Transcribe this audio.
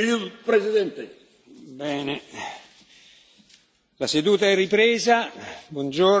il presidente la seduta è ripresa buongiorno.